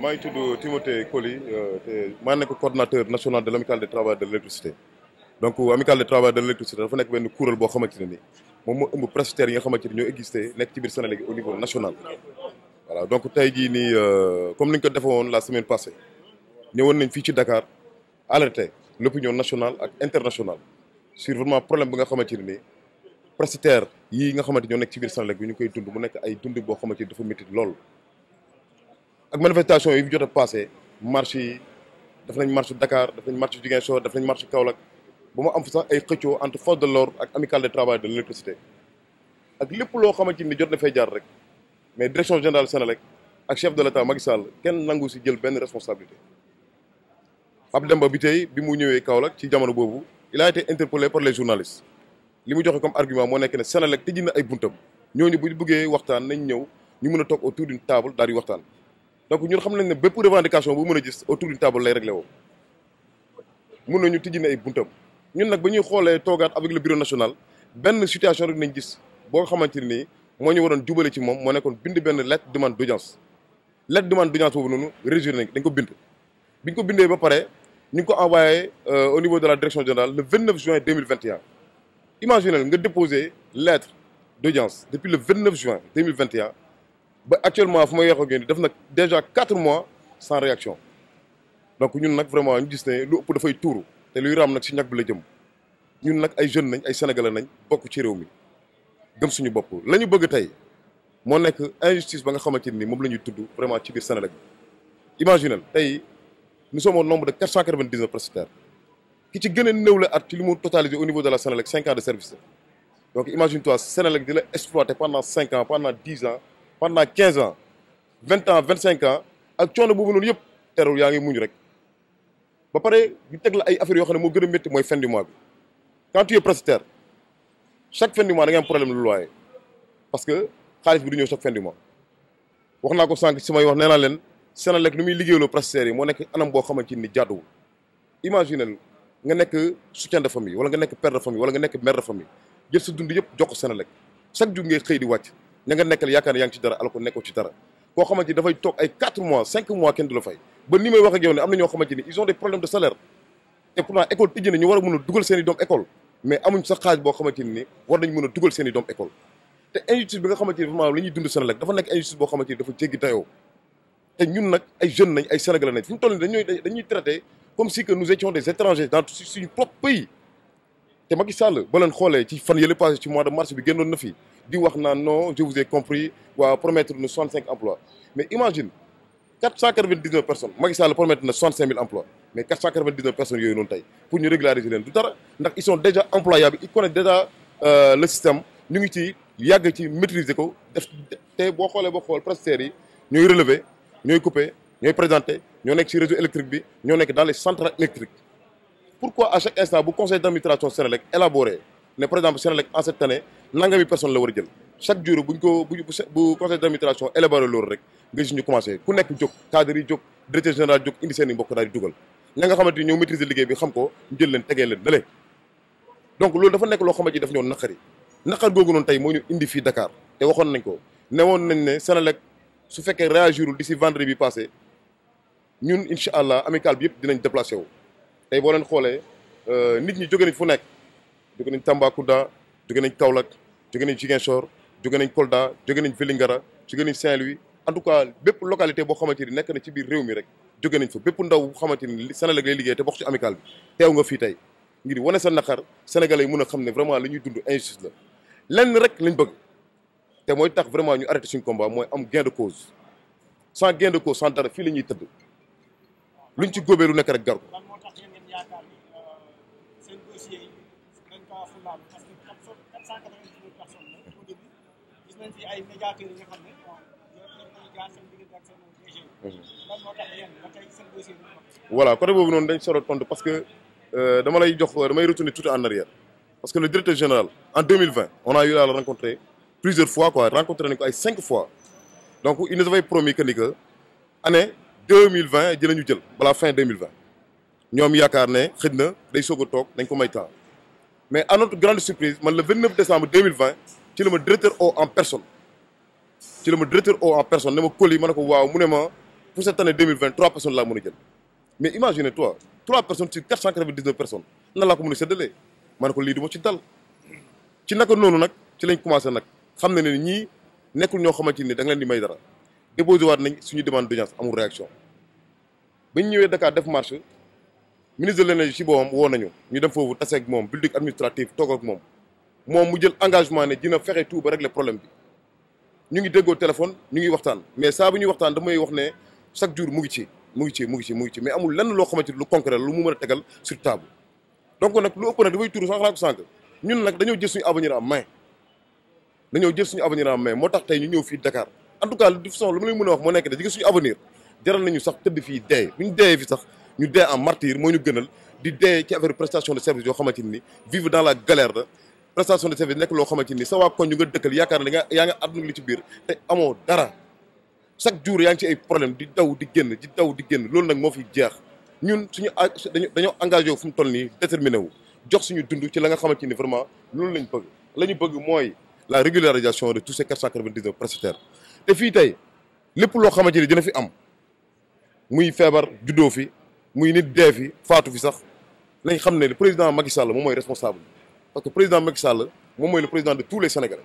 maa ngi tudd Timothée Coly euh, te maa nekk coordonnateur national de l'amicale des travailleurs de l'électricité donc euh, amicale des travailleurs de l'électricité dafa nekk benn kuréel boo xamante ne ni moom moo ëmb prestataires yi nga xamante ni ñoo existé nekk ci biir Sénégal gi donc tey jii nii euh, comme ni ñu ko defe woon la semaine passée ñëwoon nañ fii ci Dakar alerté l'opinion nationale ak internationale sur vraiment bi nga xamante ne ni prestataires yi nga xamante ñoo nekk ci biir Sénégal ñu koy dund mu nekk ay dund boo xamante ni dafa métti lool ak manifestation yi fi jot a passé marche yi daf nañ marche Dakar daf nañ marche Ziguinchor daf nañ marche Kaolack ba mu am fu sax ay xëcco entre force de l'ordre ak amicale de travail de l'électricité ak lépp loo xamante ni jot na fay jaar rek mais direction générale Sénélec ak chef de l'État Macky Sall kenn nangu si jël benn responsabilité Pape Demba bi tey bi mu ñëwee Kaolack ci jamono boobu il a été interpellé par les journalistes li mu joxe comme argument moo nekk ne Sénélec tëj na ay buntam ñooñu bu ñu bëggee waxtaan nañ ñëw ñu mën a toog autour d'une table daal di donc ñun xam nañ ne bépp revendication bu mën a gis autour d'une table lay réglé woo mun nañu tijji ne ay buntam ñun nag ba ñuy xoolee toogaat avec le bureau national benn situation rek nañ gis boo xamante nii moo ñu waroon jubale ci moom moo nekkoon bind benn lettre demande d'audience lettre demande d'audience boobu noonu résoudre nañ dañ ko bind biñ ko bindee ba pare ñu ngi ko envoyé euh, au niveau de la direction générale le 29 juin 2021 imaginez nga déposé lettre d'audience depuis le 29 juin 2021 ba actuellement fu ma yeexoo ak def nag déjà quatre mois sans réaction donc ñun nag vraiment ñu gis ne lu ëpp dafay tuuru te luy raam nag si ñàkk bi la jëm ñun nag ay jeune nañ ay sénégalais nañ bokk ci réew mi gëm suñu bopp la ñu bëgg tey moo nekk injustice ba nga xamante ni moom la ñuy tudd vraiment ci biir Sénégal bi imaginel tey nous sommes au nombre de quatre cent quatre-vingt-dix-neuf a néew la at ci li mu totalisé au niveau de ans imagine toi Sénélec di la exploité pendant cinq ans pendant dix ans pendant quinze ans vingt ans vingt cinq ans ak coono boobu noonu yëpp terewul yaa ngi muñ rek ba pare ñu teg la ay affaires yoo xam ne moo gën a métti mooy fin du mois bi quand tu es prestataire chaque fin du mois da am problème lu loyer parce que xaalis bi du ñëw chaque fin mois wax naa ko sànq su may wax nee naa leen Senelec lu muy liggéeyaloo prestataires yi moo nekk anam boo xamante ni jàdduwul imaginel nga nekk soutien de famille wala nga nekk père wala nga nekk mère de famille jël sa ko Senelec chaque jour ngay xëy di ña nga nekkal yaakaar yaa ngi ci dara alors que nekkoo ci dara koo xamante dafay toog ay 4 mois 5 mois kenn du la fay ba ni may wax ak am na ñoo xamante ni ils ont des problèmes de salaire et pourtant école tijji ñu war a mën a dugal seen i doom école mais amuñ sax xaaj boo xamante ni war nañ mën a dugal seen i doom école te injustice bi nga xamante ni vraiment la ñuy dund Senelec dafa nekk injustice boo xamante dafa jéggi te ñun nag ay jeunes nañ ay sénégalais nañ fu toll nii dañuy dañuy comme si que nous étions te Macky Sall ba leen xoolee ci fan yële passé ci mois de mars bi génnoon na fi di wax naan non je vous ai compris waa promettre na 65 emplois mais imagine 499 personnes Macky Sall promettre na 65 000 emplois mais 499 personnes yooyu noonu tey pour ñu régulariser leen du dara ndax ils sont déjà employables ils connaissent déjà euh, le système ñu ngi ci yàgg ci maîtriser ko def te boo xoolee boo xool prestataires yi ñooy relever ñooy couper ñooy présenter nekk ci réseau électrique bi ñoo nekk dans les centrales pourquoi à chaque instant bu conseil d' administration Senelec élaboré ne par exemple Senelec en cette année nangami personne la war a jël chaque jour bu conseil d' administration loolu rek nga gis ñu ku nekk jóg cadre yi jóg directeur général jóg indi seen i mbokk daal di dugal ña nga xamante ni ñoo maîtriser liggéey bi xam ko ñu jël leen tegee leen dalee donc loolu dafa nekk loo xamante ni daf ñoo naqari naqar googu noonu tey moo ñu indi fii dakaar te waxoon nañ ko newoon nañ ne Senelec su fekkee réagirul d'ici vendredi bi passé ñun incha allah amical yëpp dinañ déplacé wu tey boo leen xoolee euh, nit ñi jóge nañ fu nekk jóge nañ Tambacounda jóge nañ Kaolack jóge nañ Ziguinchor jóge nañ Kolda jóge nañ Vélingara jóge nañ Saint-Louis en tout cas bépp localité boo xamante ni nekk na ci biir réew mi rek jóge nañ fa bépp ndaw bu xamante ni Senelec lay liggéey te bokk ci amical bi teew nga fii tey ngir wane sa naqar sénégalais yi mën a xam ne vraiment li ñuy dund injustice la lenn rek lañ bëgg te mooy tax vraiment ñu arrêté suñu komba mooy am gain de cause sans gain de fii la ñuy tëdd luñ ci góobee lu rek gar nañ fi ay médiateurs yi nga boobu noonu dañ soro tontu parce que euh, dama lay jox damay retourner tout en arrière parce que le directeur général en 2020 on a eu à le rencontrer plusieurs fois quoi rencontré nañ ko ay cinq fois donc il nous avait promis que ni que année jël balaa fin 2020 ñoom yaakaar ne xëj na day soog a toog dañ ko may temps mais à notre grande surprise man le 29 décembre ci la ma directeur o en personne ci la ma o en personne ne ma Coly ma ko waaw mu ne ma pour cette année deux mille vingt trois personnes laa mën a jël mais imaginez toi trois personnes ci quatre cent quatre-vingt-dix-neuf personnes nan laa ko mën a séddalee ma ko lii du ci dal ci naka noonu nag ci lañ commencé nag xam na ne ñii nekkul ñoo xamante ni da nga leen di may dara déposé waat nañ suñu demande d'audience amul réaction bañ ñëwee Dakar def marche ministre de l'énergie ci boobam woo nañu ñu dem foofu tase ak moom building administratif toog ak moom moom mu jël engagement ne dina fexe tout ba régler problème bi ñu ngi déggoo téléphone ñu ngi waxtaan mais saa bu ñuy waxtaan damay wax ne chaque jour mu ngi ci mu ngi ci mu ngi ci mu ngi ci mais amul lenn loo xamante ni lu concret lu mu mën a tegal sur table donc nag lu ëpp nag dafay sànq naa ko sànq ñun nag dañoo jël suñu avenir en main dañoo jël suñu avenir en moo tax tey ñu ñëw fii Dakar en tout cas de façon lu ma lay mën a wax moo nekk de jigéen suñu avenir jaral nañu sax tëdd fii dee bu ñu dee fi sax ñu dee en martyr moo ñu gënal di dee ci affaire prestation de service yoo xamante ni vivre dans la galère la prestation de service nekk loo xamante ni sa waa koñ ñu nga dëkkal yaakaar ne nga yaa nga àdduna ci biir amoo dara chaque jour yaa ngi ci ay problème di daw di génn di daw di génn loolu nag moo fi jeex ñun suñu dañoo engagé wu fu mu toll nii déterminé wu jox suñu dund ci la nga xamante ni vraiment loolu lañ bëgg la ñu bëgg mooy la régularisation de tous ces quatre cent quatre-vingt-dix-neuf prestataires te fii tey lépp loo xamante ni dina fi am muy feebar juddoo fi muy nit dee fi faatu fi sax lañ xam ne le président Macky Sall moom mooy responsable parce que président Macky Sall moom mooy le président de tous les Sénégalais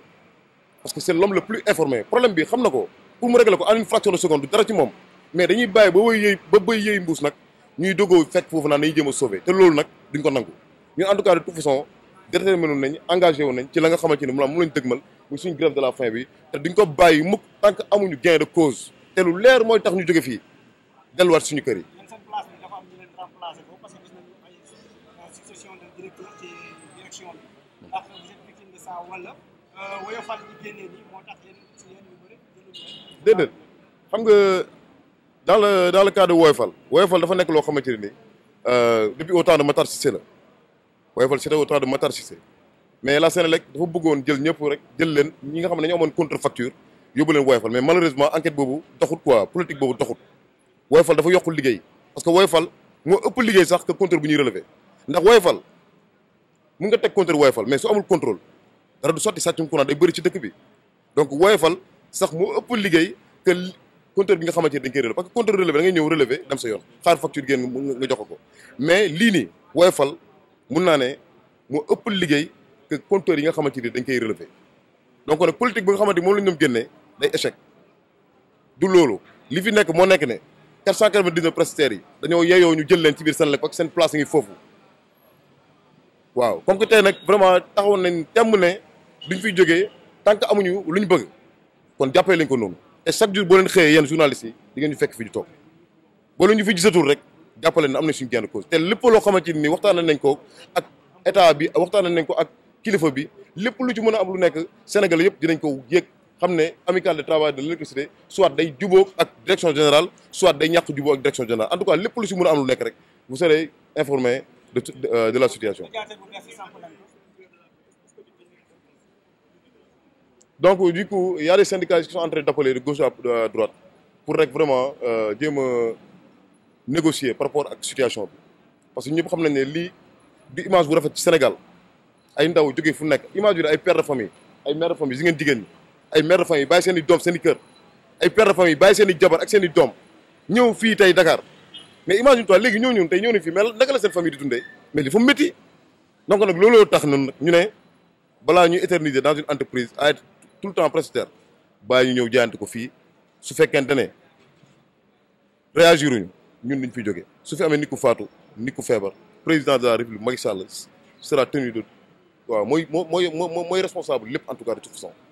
parce que c'est l'homme le plus informé problème bi xam na ko pour mu régler ko en une de seconde dara ci moom mais dañuy bàyyi ba wéy yëy ba bëy yëy mbuus nag ñuy dogoo fekk foofu naan dañuy jéem a sauver te loolu nag duñ ko nangu ñun en tout cas de toute façon déterminé nañ engagé wu nañ ci la nga xamante ni moom lañ dëgmal muy suñ grève de la faim bi te duñ bàyyi mukk tant que leer mooy tax ñu jóge fii delluwaat suñu kër yi saa wala euh, xam nga dans le dans le cas de woyofal woyofal dafa nekk loo xamante ne ni euh, depuis au temps de Matar Cissé la woyofal c'était au temps de Matar Cissé mais la Sénélec dafa bëggoon jël ñëpp rek jël leen ñi nga xam ne dañoo amoon contrefacture yóbbu leen woyofal mais malheureusement enquête boobu doxut quoi politique boobu doxut woyofal dafa yokku liggéey parce que woyofal moo ëpp liggéey sax que contrôle bu ñuy relever ndax woyofal mun nga teg contrôle woyofal mais su amul contrôle dara du sotti sàccum bëri ci dëkk bi donc woyofal sax moo ëpp liggéey que compteur bi nga xamante ne dañ koy relever parce que compteur relevé da ngay ñëw relever dem sa yoon ko mais lii nii woyofal mun naa ne moo ëpp liggéey que yi nga xamante ni dañ koy relever donc nag politique bi nga xamante ni moom la ñu doon génnee day échec du loolu li fi nekk moo nekk ne 499 prestataires yi dañoo yeyoo ñu jël leen ci biir Senelec parce que seen place ngi foofu waaw comme que tey nag vraiment taxawoon nañ temm ne duñ fi jógee tant que amuñu ñu bëgg kon jàppee lañ ko noonu et chaque jour boo leen xëyee yéen journalistes yi di fekk fi ñu toog boo leen ñu fi gisatul rek jàppale na am na suñu genn cause te lépp loo xamante ni waxtaana nañ ko ak état bi waxtaan nañ ko ak kilifa bi lépp lu ci mën a am lu nekk Sénégal yëpp dinañ ko yëg xam ne amicale de travail de l'électricité soit day jubóog ak direction générale soit day ñàkk jubóog ak direction générale en tout cas lépp lu ci mën a nekk rek vous serez informé de euh, de la donc du coup y a des syndicalistes qui sont en train d'appeler de gauche à droite pour rek vraiment euh, jéem a négocier par rapport ak situation parce que ñëpp xam nañ ne lii du image bu rafet ci Sénégal ay ndaw jógee fu nekk image bi ay père de famille ay mère de famille si ngeen jigéen ay mère de famille bàyyi seen i doom seen i kër ay père de famille bàyyi seen i jabar ak seen i doom ñëw fii tey dakaar mais imagine toi léegi ñëw ñun tey ñëw nañ fii mais naka la seen famille di dundee mais li fa métti donc nag looloo tax ñun ñu ne balaa ñuy éterniser dans une entreprise tout temps prestataire bàyyi ñëw jaayante ko fii su fekkente ne réagir ñun duñ fi jóge su fi amee nit ku faatu nit ku feebar président de la république Macky Sall sera tenu de waaw mooy mooy mooy mooy responsable lépp en tout cas de toute façon.